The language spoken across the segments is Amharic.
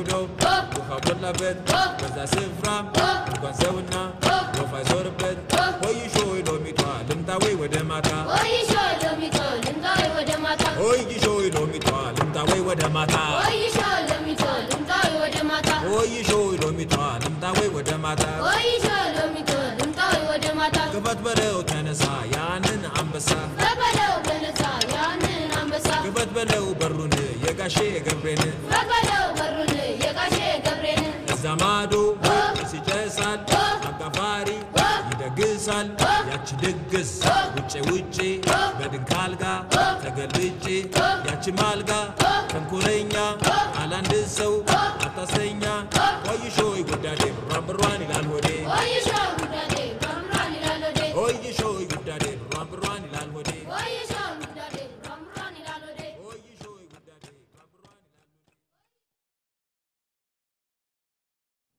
ተንጉዶ ውሃ ሞላበት በዛ ስፍራ እንኳን ሰውና ወፍ አይዞርበት ወይሾ ሎሚቷ ልምጣ ወይ ወደ ማታ ሎሚቷ ልምጣ ወይ ወደ ማታ ወይሾ ሎሚቷ ልምጣ ወይ ወደ ማታ ወይሾ ሎሚቷ ልምጣ ወይ ወደ ማታ ወይሾ ወይ ሎሚቷ ልምጣ ወይ ወደ ማታ ክፈት በለው ተነሳ ያንን አንበሳ በለው ክፈት በለው በሩን የጋሼ ገብሬን በለው በሩን ዘማዱ ሲጨሳል አጋፋሪ ይደግሳል ያች ድግስ ውጭ ውጭ በድንክ አልጋ ያች ማልጋ ተንኮለኛ አላንድ ሰው አታሰኛ ቆይሾይ ወዳዴ ራምሯን ይላል ወዴ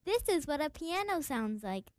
This is what a piano sounds like.